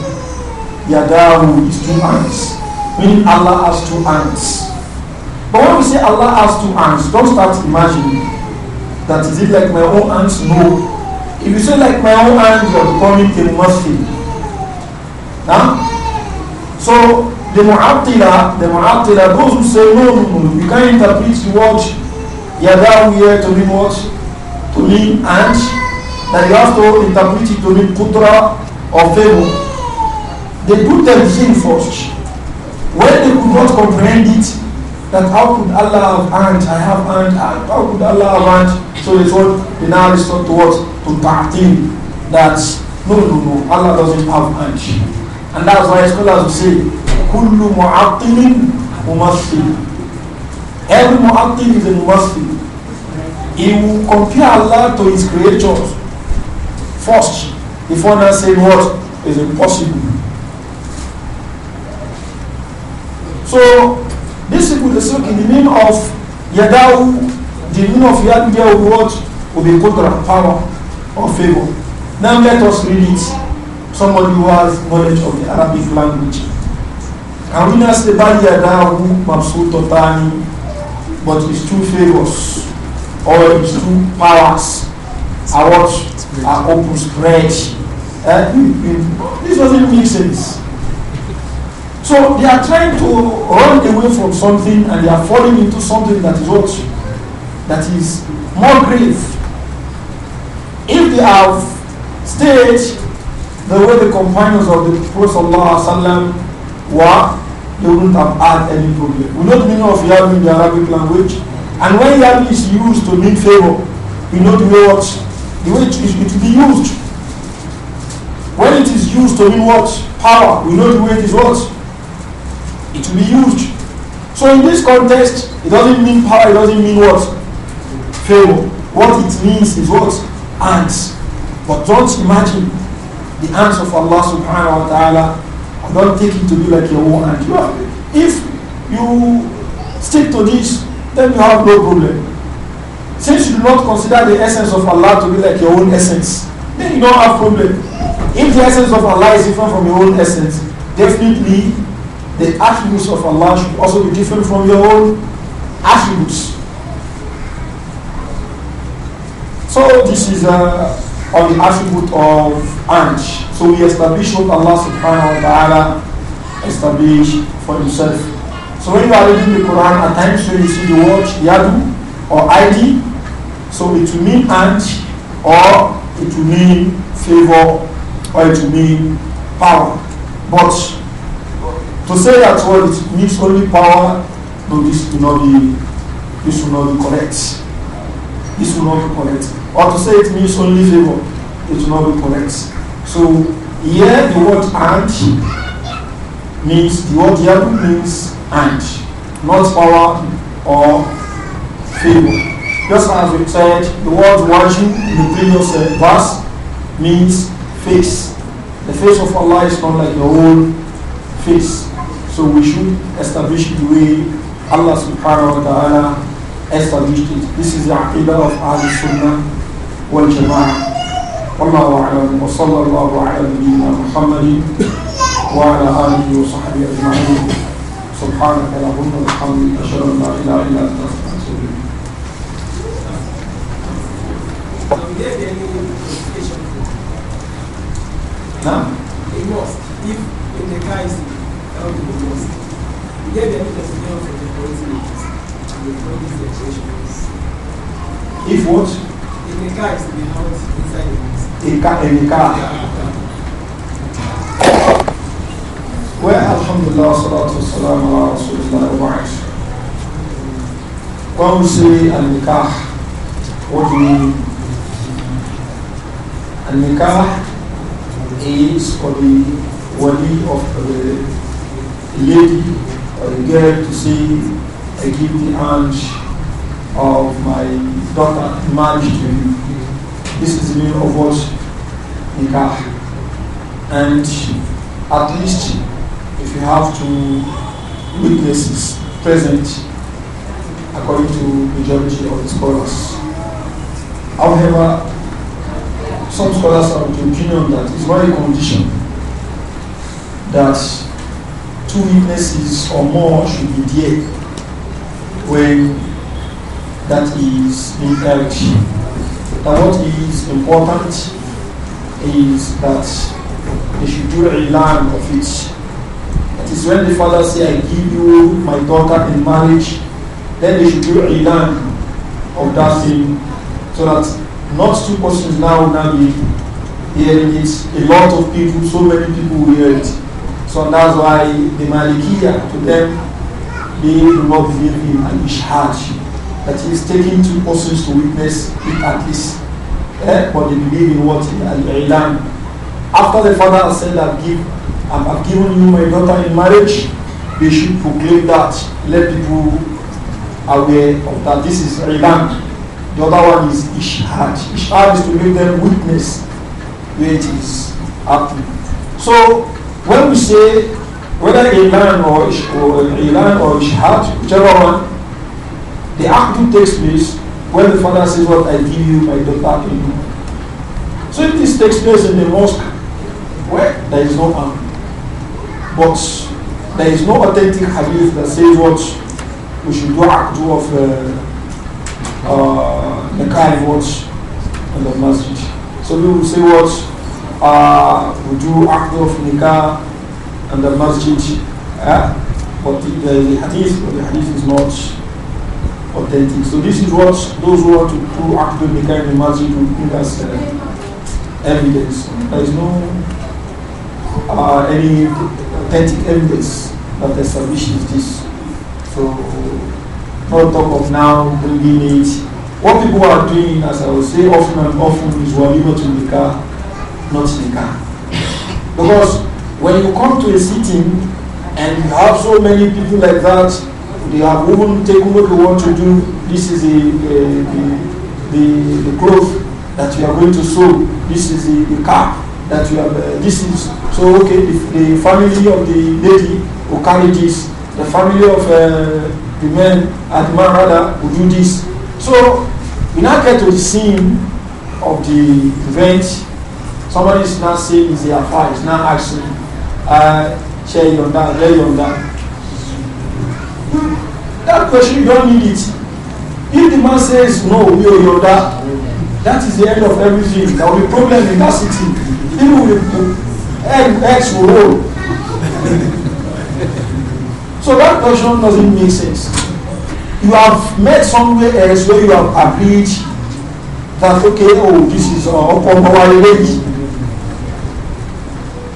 Yadahu is two hands. Meaning Allah has two hands. But when we say Allah has two hands, don't start imagining that is it like my own hands? No. If you say like my own hands, you are becoming a Muslim. Now, so the Mu'attila, the Mu'attila, those who say, no, no, no, you can't interpret the word Yadahu here to mean what? To mean and that you have to interpret it to mean Kutra or favor. They put them in first. When they could not comprehend it, that how could Allah have hand, I have hand, how could Allah have hand? So they thought, they now resort to what? To Ta'atim. That, no, no, no, Allah doesn't have hand. And that's why scholars will say, kullu mu'attilin mumassil every mu'attil is a mumassil he will compare Allah to his creatures. first before now saying what is impossible so this is with the silk in the name of yadahu the name of yadu there will what will be contra power or favor now let us read it somebody who has knowledge of the arabic language And we not say Badiadahu totani, but his two favors or his two powers are what are open spread. Eh? this doesn't make sense. So they are trying to run away from something and they are falling into something that is what that is more grave. If they have stayed the way the companions of the Prophet wa they wouldn't have had any problem. We know the meaning of Yahweh in the Arabic language. And when Yahweh is used to mean favor, we know the way what the way it, it will be used. When it is used to mean what? Power. We know the way it is what? It will be used. So in this context, it doesn't mean power, it doesn't mean what? Favor. What it means is what? Ants. But don't imagine the ants of Allah subhanahu wa ta'ala don't take it to be like your own and You have, if you stick to this, then you have no problem. Since you do not consider the essence of Allah to be like your own essence, then you don't have problem. If the essence of Allah is different from your own essence, definitely the attributes of Allah should also be different from your own attributes. So this is a uh, on the attribute of and. So we establish what Allah subhanahu wa ta'ala established for himself. So when you are reading the Quran at times when you see the word yadu or ID, so it will mean and or it will mean favor or it will mean power. But to say that what it means only power, no, this will not be this will not be correct this will not be correct. Or to say it means only favor, it will not be correct. So here the word and means the word yabu means and, not power or favor. Just as we said, the word watching in the previous uh, verse means face. The face of Allah is not like your own face. So we should establish the way Allah subhanahu wa ta'ala as per it, this is the aqidah of Ahlul Sunnah wal Jama'ah. والله أعلم وصلى الله على نبينا محمد وعلى آله وصحبه أجمعين سبحانك اللهم وبحمدك أشهد أن لا إله إلا أنت أستغفرك نعم a mosque, if in the guy is out of the mosque, you get the implication for the police If what? If a car is to be held inside the car. In a car. Well, alhamdulillah, salatu wassalam ala rasulullah wa When we say al-nikah, what do we mean? Al-nikah is for the wali of the lady or the girl to see I give the hand of my daughter marriage to you. This is the meaning of what nikah. And at least if you have two witnesses present, according to majority of the scholars. However, some scholars are of the opinion that it's very condition that two witnesses or more should be there when that is inherent. Now what is important is that they should do a land of it. That is when the father say, I give you my daughter in marriage, then they should do a land of that thing so that not two persons now now be hearing it. A lot of people, so many people will hear it. So that's why the Malikiya to them they do not believe in an he is taking two persons to witness it at least. Eh? But they believe in what? he has done After the father has said, I've, give, I've given you my daughter in marriage, they should proclaim that, let people aware of that. This is ilam. The other one is ishhad. Ishhad is to make them witness where it is happening. So when we say whether Ilan or Ilan or Ishad, whichever one, the act takes place when the father says, What I give you, my daughter to you. So if this takes place in the mosque, where there is no harm. But there is no authentic hadith that says what we should do Aqdu of uh, uh, the kind what in the masjid. So we will say what uh, we do Aqdu of Nikah and the masjid. Uh, but the, the, hadith, but the hadith is not authentic. So this is what those who want to prove Akdul Nikah in the masjid as uh, evidence. There is no uh, any authentic evidence that the is this. So not talk of now bringing it. What people are doing, as I will say often and often, is walimatul nikah, not nikah. Because when you come to a sitting and you have so many people like that, they have even taken what they want to do. This is the, uh, the, the, the, cloth that you are going to sew. This is the, the car that you have. Uh, this is so okay. The, the, family of the lady will carry this. The family of uh, the man and uh, the man rather will do this. So we now get to the scene of the event. Somebody is now saying it's their fire, It's now asking ṣe yọ̀ǹda ẹ̀jẹ̀ yọ̀ǹda. That question you don't need it. If the man says no, we are yọ̀ǹda, that is the end of everything. There will be problem in that city. Even with X will roll. So that question doesn't make sense. You have met somewhere else where you have agreed that okay, oh, this is uh, ọkọ̀ ọmọ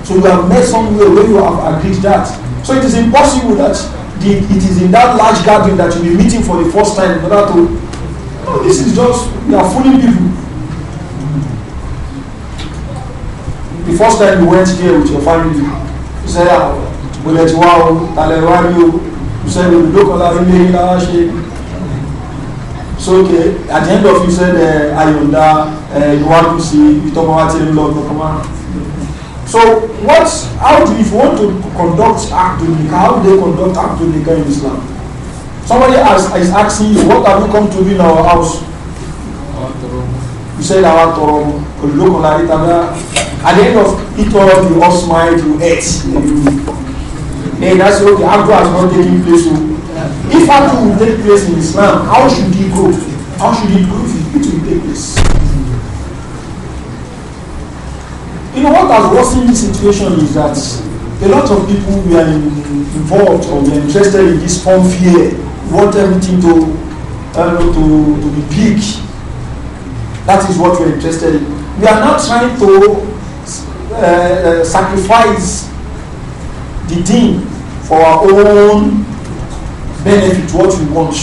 So you have met somewhere where you have agreed that. So it is impossible that the, it is in that large gathering that you be meeting for the first time in order to. No, this is just, you are fooling people. The first time you went there with your family, you said, ah, mo lẹ ti wá o talẹ̀ wá ní o you said olùdókòlá ilé yìí lára ṣe so okay at the end of you said eh, ayọ̀ǹda eh, iwájú sí ìtọ́mọ́wá tí ń lọ tọkọ́mọ́. So what, how do, if you want to conduct Abdul how do they conduct Abdul in Islam? Somebody ask, is asking you, what have you come to do in our house? You said our look Torom, at the end of it all, you all smile you ate, Hey, that's the Abdul has not taken place. Oh. If Abdul will take place in Islam, how should he go? How should he go if he You know what has worsened this situation is that a lot of people were involved or are interested in this form fear, want everything to, uh, to, to be big. That is what we are interested in. We are not trying to uh, uh sacrifice the thing for our own benefit, what we want.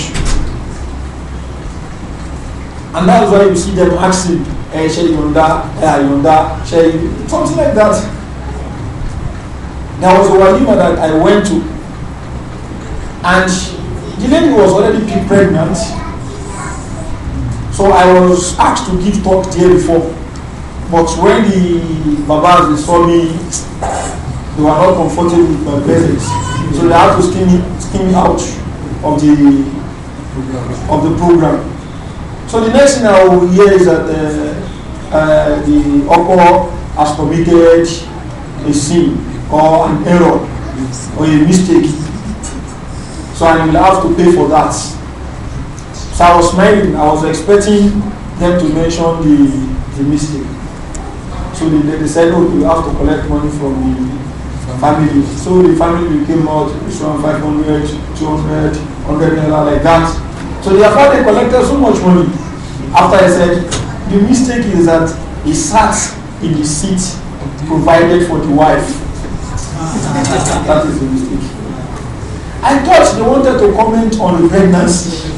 And that is why you see them asking Eh, eh, something like that there was a walima that I went to and the lady was already pregnant so I was asked to give talk there before but when the babas saw me they were not comfortable with my presence so they had to skin me, skin me out of the of the program. So the next thing I will hear is that uh, the author has committed a sin or an error or a mistake. So I will have to pay for that. So I was smiling. I was expecting them to mention the, the mistake. So they, they decided, oh, you have to collect money from the family. So the family came out, this one 500, 200, 100 like that. So therefore they collected so much money. After I said, the mistake is that he sat in the seat provided for the wife. that is the mistake. I thought they wanted to comment on pregnancy.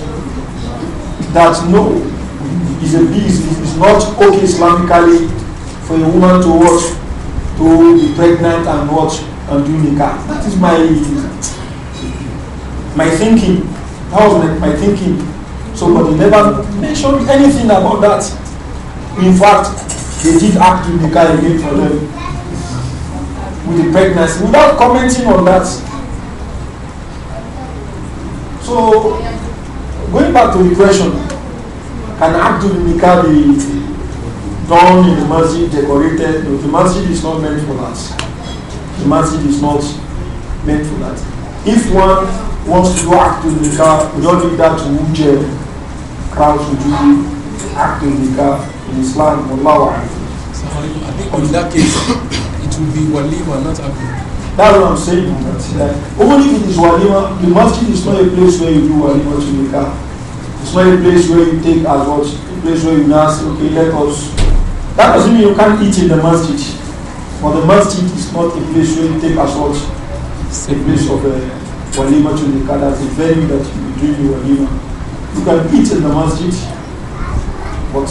That no, is a beast. It's not okay Islamically for a woman to watch, to be pregnant and watch and do nikah. That is my my thinking. That was my, my thinking. So, but they never mentioned anything about that. In fact, they did act in the car again for them with the pregnancy without commenting on that. So, going back to the question, can Abdul car be done in the masjid, decorated? No, the masjid is not meant for that. The masjid is not meant for that. If one wants to do Abdul car, we don't need that to jail. Crowds will do Abdul car. in Islam, Allah I think on that case, it will be walima, not abu. That's what I'm saying. That, that even if it is walima, the masjid is not a place where you do walima to nikah. It's not a place where you take as what, a place where you ask, okay, let us. That doesn't mean you can't eat in the masjid. But the masjid is not a place where you take as what, a place of a uh, walima to nikah. That's a venue that you do your walima. You can eat in the masjid, but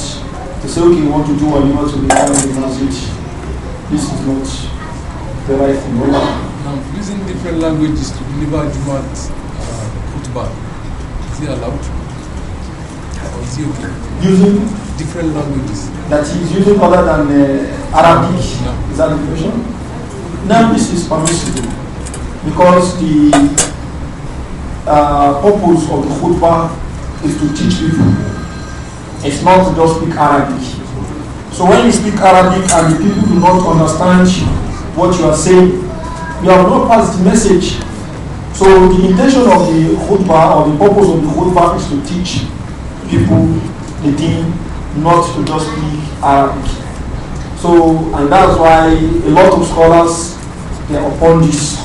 So say, okay, you want to do what you want to become in This is not the right thing. No. Now, using different languages to deliver Jumat uh, is it allowed? Or is it okay? Using? Different languages. That is using other than uh, Arabic. Is that the question? Now, this is permissible because the uh, purpose of the khutbah is to teach people it's not to just speak Arabic. So when you speak Arabic and the people do not understand what you are saying, you have not passed the message. So the intention of the khutbah or the purpose of the khutbah is to teach people the thing, not to just speak Arabic. So, and that's why a lot of scholars, they are upon this.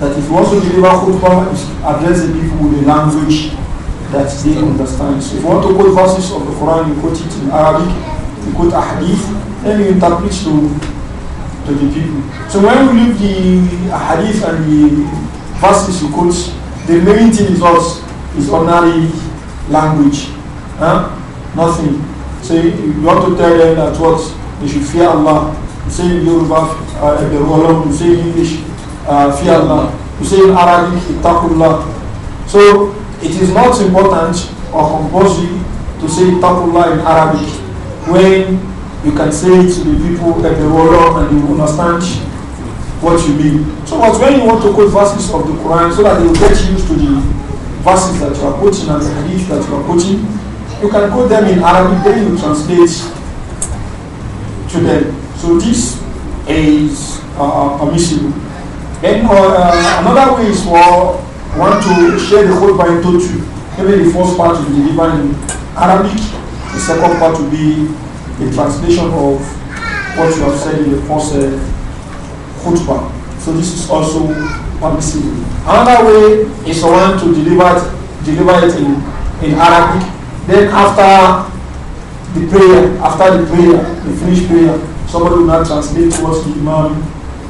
That if you to deliver khutbah, address the people with the language that they understand. So if you want to quote verses of the Quran, you quote it in Arabic, you quote a hadith, then you interpret to, to the people. So when we look the hadith and the verses you quote, the main thing is us, is ordinary language. Huh? Nothing. So you want to tell them that what they should fear Allah. You say in Yoruba, uh, the Rolam, you say in English, uh, fear Allah. You say in Arabic, ittaqullah. So it is not important or compulsory to say Taqullah in Arabic when you can say it to the people at the world and you understand what you mean. So but when you want to quote verses of the Quran so that they will get used to the verses that you are quoting and the hadith that you are quoting, you can quote them in Arabic, then you translate to them. So this is uh, permissible. Then uh, another way is for want to share the whole Bible to maybe the first part will be delivered in Arabic, the second part will be a translation of what you have said in the first uh, khutbah. So this is also permissible. Another way is one to deliver it, deliver it in, in Arabic. Then after the prayer, after the prayer, the finished prayer, somebody will now translate what the Imam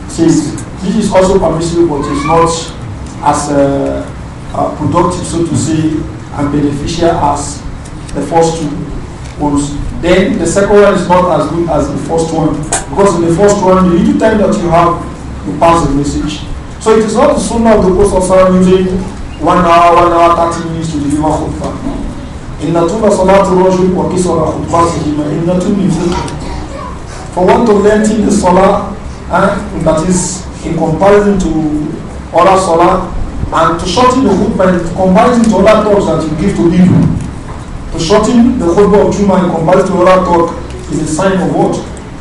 says. This is also permissible, but it's not as productive, so to say, and beneficial as the first two ones. Then the second one is not as good as the first one because in the first one, the only time that you have, you pass the message. So it is not the sunnah of the Prophet using one hour, one hour, 30 minutes to deliver khutbah. إن khutbah صلاة الرجل وقصر خطباته مئنة من For one to in the salah, and eh, that is in comparison to other salah and to shorten the khutbah by combining it to other talks that you give to people. To shorten the khutbah of Juma and combine it to other talk is a sign of what?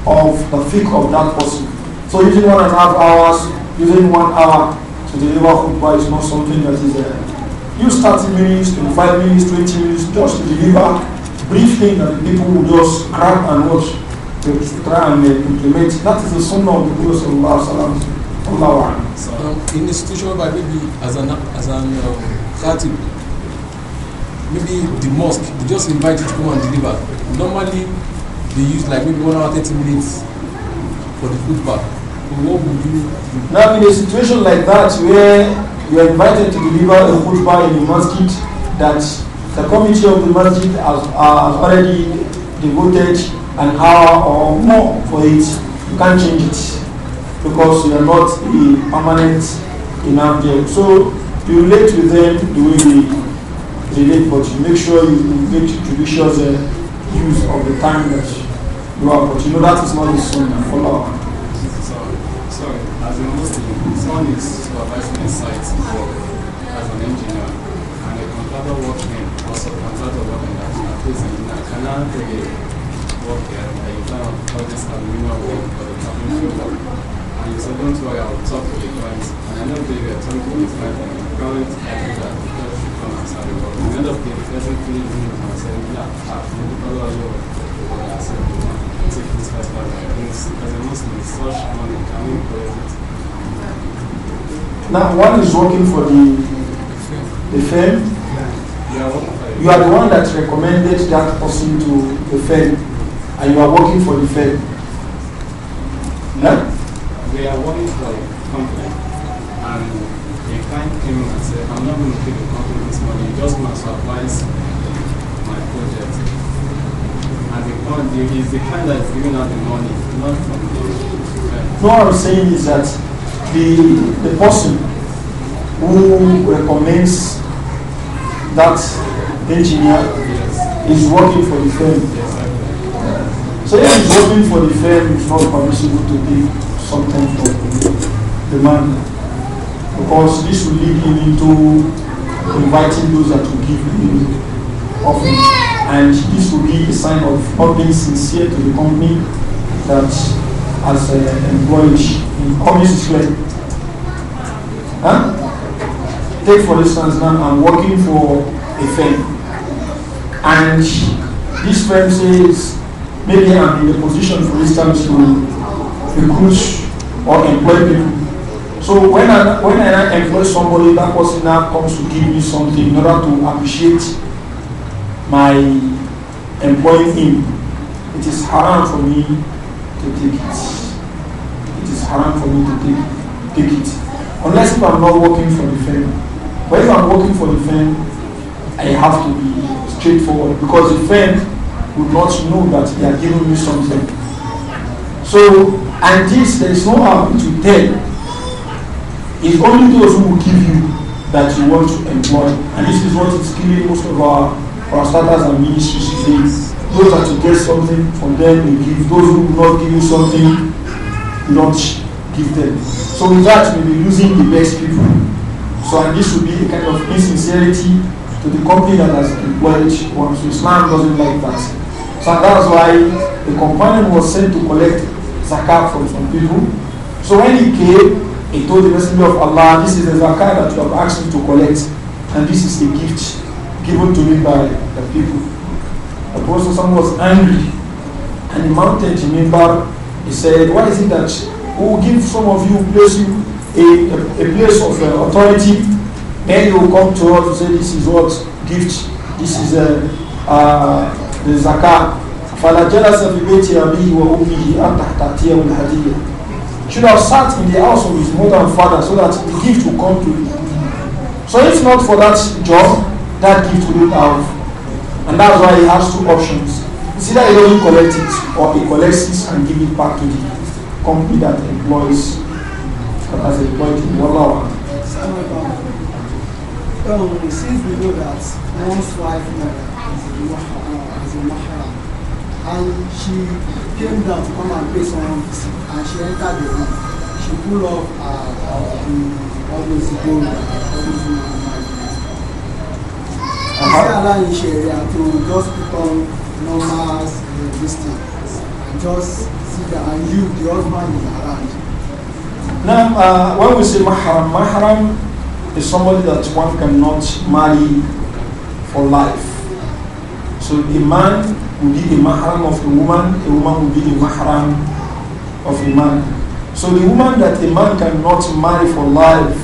Of the fiqh of that person. So using one and a half hours, using one hour to deliver by is not something that is there. use 30 minutes, 25 minutes, 20 minutes just to deliver brief thing that people will just grab and watch to try and uh, implement. That is the sunnah of the Prophet of Alaihi um, in a situation where maybe as an as an um, maybe the mosque they just invite you to come and deliver. Normally they use like maybe one hour thirty minutes for the food back. But what would you do? Now in a situation like that where you are invited to deliver a food bar in the masjid that the committee of the masjid has, uh, has already devoted an hour or more for it. You can't change it because you are not a permanent in there. So you relate with them the way they relate, but you make sure you, you make judicious uh, use of the time that you are. But you know that is not the sunnah. Follow up. Sorry, sorry. As a Muslim, someone is supervising a site work as an engineer, and a contractor working or subcontractor working as an engineer cannot really work here. Like, you find all this aluminum work or the carpentry work and so do I'll talk to the clients. And end up doing a talk to the client and that doesn't come the work. We end up doing the person feeling in yeah, I've been all over the world, I take this first part of things because I'm not in such money, can we it? Now, one is working for the the firm. You are the one that recommended that person to the firm, and you are working for the firm. Yeah? they are worried like company, And a client came and said, I'm not going to take the this money, just want to advise my project. And the point is the kind that is giving out the money, not from the client. what I'm saying is that the, the person who recommends that engineer yes. is working for the firm. Yes, so if he's working for the firm, it's not permissible to be something for the man. Because this will lead him into inviting those that will give him offering. And this will be a sign of not being sincere to the company that has uh, employed in communist way. Huh? Take for instance now I'm working for a firm and this firm says maybe I'm in a position for instance to recruit or employ people. So when I when I employ somebody, that person now comes to give me something in order to appreciate my employing him. It is haram for me to take it. It is haram for me to take take it. Unless if I'm not working for the firm. But if I'm working for the firm, I have to be straightforward because the firm would not know that they are giving me something. So and this, there is no harm to tell. It's only those who will give you that you want to employ. And this is what is killing most of our, our starters and ministries today. Those that you get something from them, you give. Those who will not give you something, you don't give them. So with that, we'll be losing the best people. So and this should be a kind of insincerity to the company that has employed one. So Islam doesn't like that. So that's why the companion was sent to collect zakat from some people. So when he came, he told the messenger of Allah, this is the zakat that you have asked me to collect, and this is a gift given to me by the people. The Prophet was angry, and he mounted the member. He said, why is it that we will give some of you place you a, a, a place of uh, authority, then you will come to us and say, this is what gift, this is uh, uh the zakat. فَلَا جَلَسَ فِي بَيْتِ أَبِيهِ وَأُمِّهِ أَنْ تَحْتَأْتِيَهُ الْهَدِيَّةُ Should have sat in the house of his mother and father so that the gift would come to him. So if not for that job, that gift would not have. And that's why he has two options. It's either he doesn't collect it or he collects it and gives it back to the company that employs that has employed him. Wallah. Um, since we know that one's wife is a mahram, and she came down to come and pay someone visit and she entered the room. She pulled off uh, uh, um, uh, all those gold Instead of in Sharia to just become normal uh, this and just sit there and you, the husband is around. Now, uh, when we say mahram, mahram is somebody that one cannot marry for life. So the man will be the mahram of a woman, a woman will be the mahram of a man. So the woman that a man cannot marry for life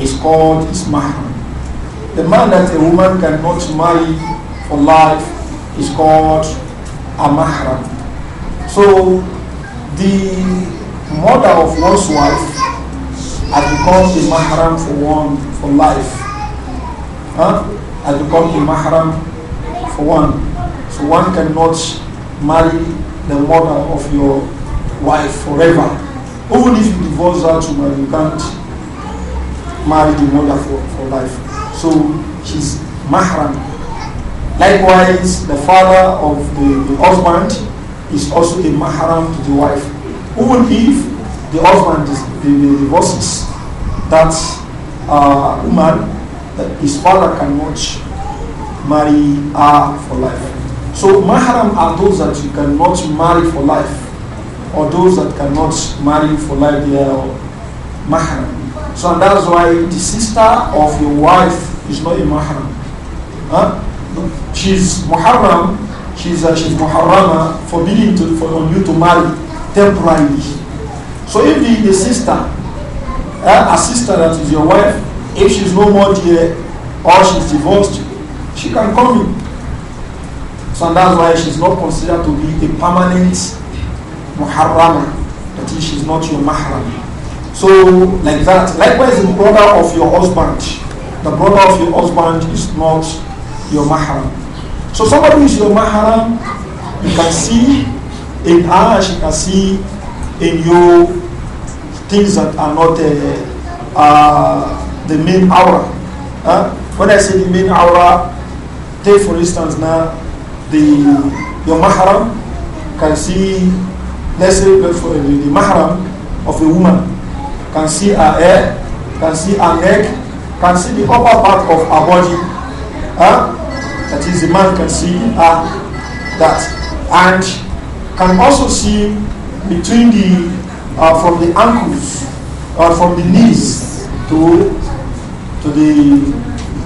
is called his mahram. The man that a woman cannot marry for life is called a mahram. So the mother of one's wife has become the mahram for one for life. Huh? Has become the mahram for one. So one cannot marry the mother of your wife forever. Even if you divorce her tomorrow, you can't marry the mother for, for life. So she's mahram. Likewise, the father of the, the husband is also a mahram to the wife. Even if the husband is, the, the divorces that uh, woman, that his father cannot marry her for life. So mahram are those that you cannot marry for life, or those that cannot marry for life. They are mahram. So and that's why the sister of your wife is not a mahram. Huh? She's muharram. She's uh, she's muharrama, forbidden to, for, on you to marry temporarily. So if the, the sister, uh, a sister that is your wife, if she's no more here or she's divorced, she can come in. So that's why she's not considered to be a permanent muharrama. That is, she's not your mahram. So, like that. Likewise, the brother of your husband. The brother of your husband is not your mahram. So somebody who is your mahram, you can see in her, she can see in you things that are not uh, uh, the main aura. Huh? When I say the main aura, take for instance now, the your mahram can see, let's say, for the, the mahram of a woman can see her hair, can see her neck, can see the upper part of her body. Huh? That is, the man can see her that, and can also see between the uh, from the ankles or uh, from the knees to to the,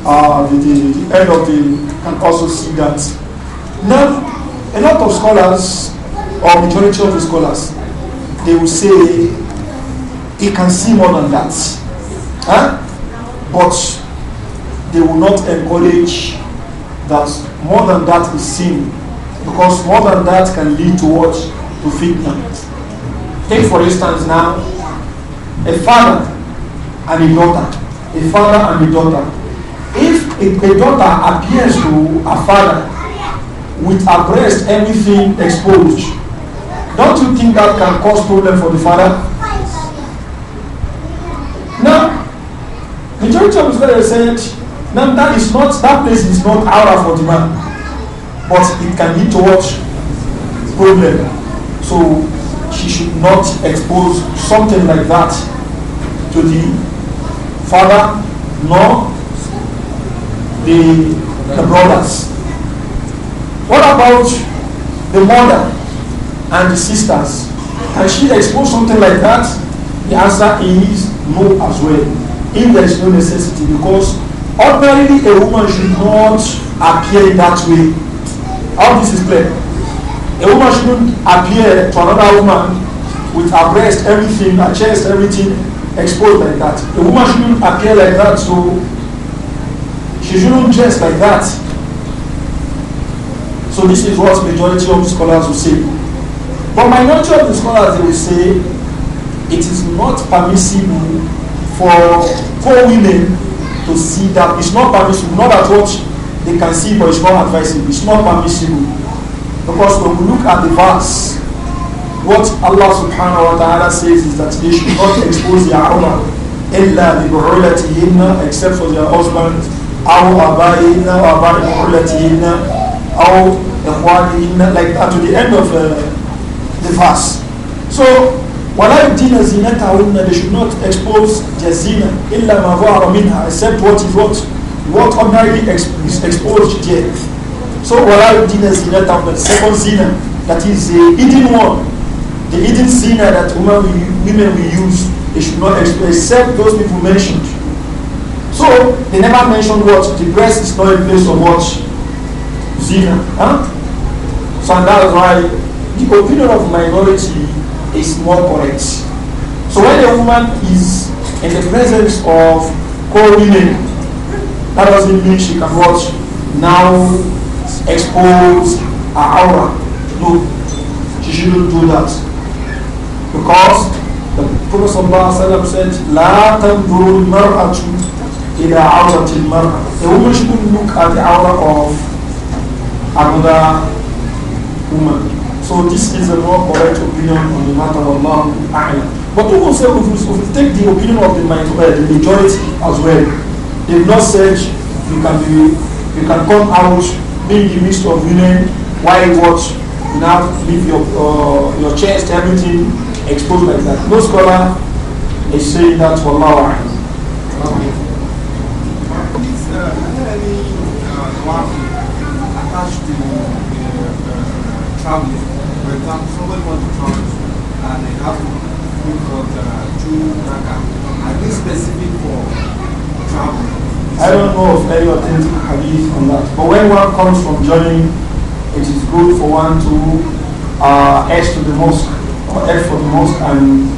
uh, the, the, the end of the can also see that now, a lot of scholars, or majority of the scholars, they will say it can see more than that. Huh? But they will not encourage that more than that is seen, Because more than that can lead to what? To fitna. Take for instance now, a father and a daughter. A father and a daughter. If a daughter appears to a father with anything exposed. Don't you think that can cause problem for the father? Now, the church of Israel said, now that is not that place is not aura for the man, but it can lead to what problem. So she should not expose something like that to the father nor the, the brothers. What about the mother and the sisters? Can she expose something like that? The answer is no as well. If there is no necessity, because ordinarily a woman should not appear that way. All this is clear. A woman shouldn't appear to another woman with her breast, everything, her chest, everything exposed like that. A woman shouldn't appear like that, so she shouldn't dress like that. So this is what majority of scholars will say. But minority of the scholars they will say it is not permissible for poor women to see that it's not permissible, not at what they can see, but it's not advisable, it's not permissible. Because when we look at the verse, what Allah subhanahu wa ta'ala says is that they should not expose their honor إلا ببعولتهن except for their husband أو أبائهن وأبائهن أو إخوانهن like to the end of uh, the verse. So I've ولا يبدين زينتهن they should not expose the zina إلا ما ظهر منها except what is what what ordinarily what exposed there. So ولا يبدين زينتهن the second zina that is the hidden one the hidden zina that women will, women use they should not expose except those people mentioned. So they never mentioned what the breast is not a place of what zina. Huh? So that's why the opinion of minority is more correct. So when a woman is in the presence of co-women, that doesn't mean she can watch now expose her aura. No, she shouldn't do that. Because the Prophet said, La tanzuru mar'atu ila awrati mar'a. A woman shouldn't look at the aura of another woman. So this is a more correct opinion on the matter of Allah A'lam. But who will say if we, if we take the opinion of uh, the, majority as well, they've not said you can be you can come out in the midst of union. why what you now leave your uh, your chest everything exposed like that. No scholar is saying that for Allah. Uh, okay. traveling, for example, somebody wants to travel and they have to look at uh, two Raka. Are they specific for travel? I don't know of any authentic hadith on that. But when one comes from journey, it is good for one to uh, edge to the mosque or edge for the mosque and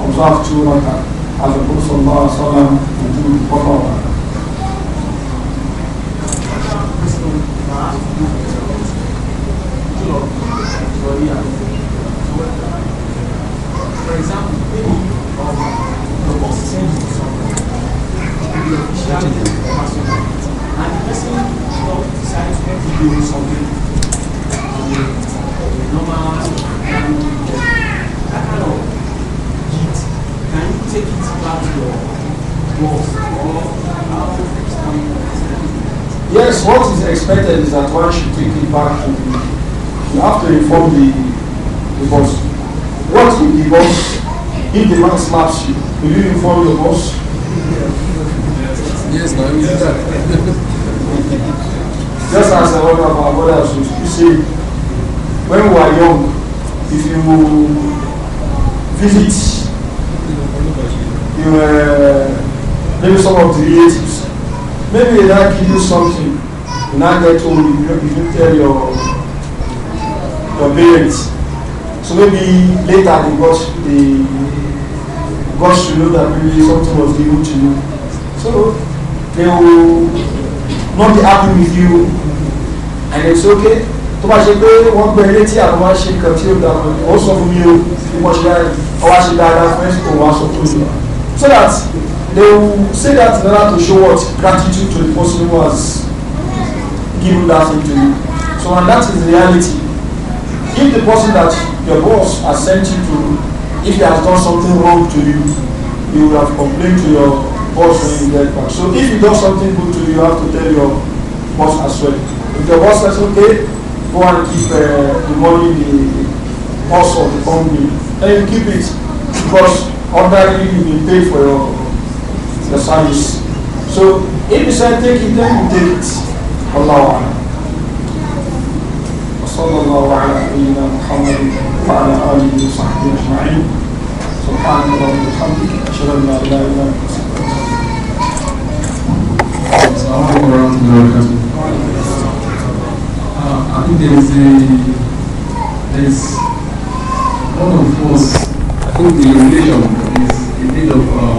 observe two Raka as a Prophet Sallallahu Alaihi Wasallam would do with Prophet Thank you. Uh, Sharia. For example, maybe um, the boss sends you someone to be officially a and the person decides not to do something um, normal, that kind of heat. Can you take it back to your boss or how Yes, what is expected is that one should take it back to the you have to inform the, the boss. What will the boss, if the man slaps you, will you inform the boss? Yes, no, you Just as I heard about brothers, you say, when we are young, if you visit, you uh, maybe some of the relatives, maybe they like give you something, and I get told you, you tell your your parents. So maybe later they got they got to know that maybe something was given to you. So they will not be happy with you and it's okay. tó bá ṣe pé wọ́n gbé ilé tí àwọn máa ń ṣe nǹkan tí ó da wọn ó sọ fún mi o bí wọ́n ṣe dáa ọwọ́ ṣe dáadáa fún ẹ̀sìn òun aṣọ tó yẹ. so that they will say that in order to show what gratitude to the person who has given that thing to you so and that is reality If the person that your boss has sent you to, if he has done something wrong to you, you would have complained to your boss when you get back. So if he does something good to you, you have to tell your boss as well. If your boss says, okay, go and keep uh, the money the boss of the company, and you keep it because ordinarily you will pay for your, your service. So if you say take it, then you take it. Allah. وصلى الله على سيدنا محمد وعلى آله وصحبه أجمعين سبحان الله وبحمدك أشهد أن لا إله إلا أنت السلام uh, I think there is a there is lot of force. I think the relation is a bit of. Uh,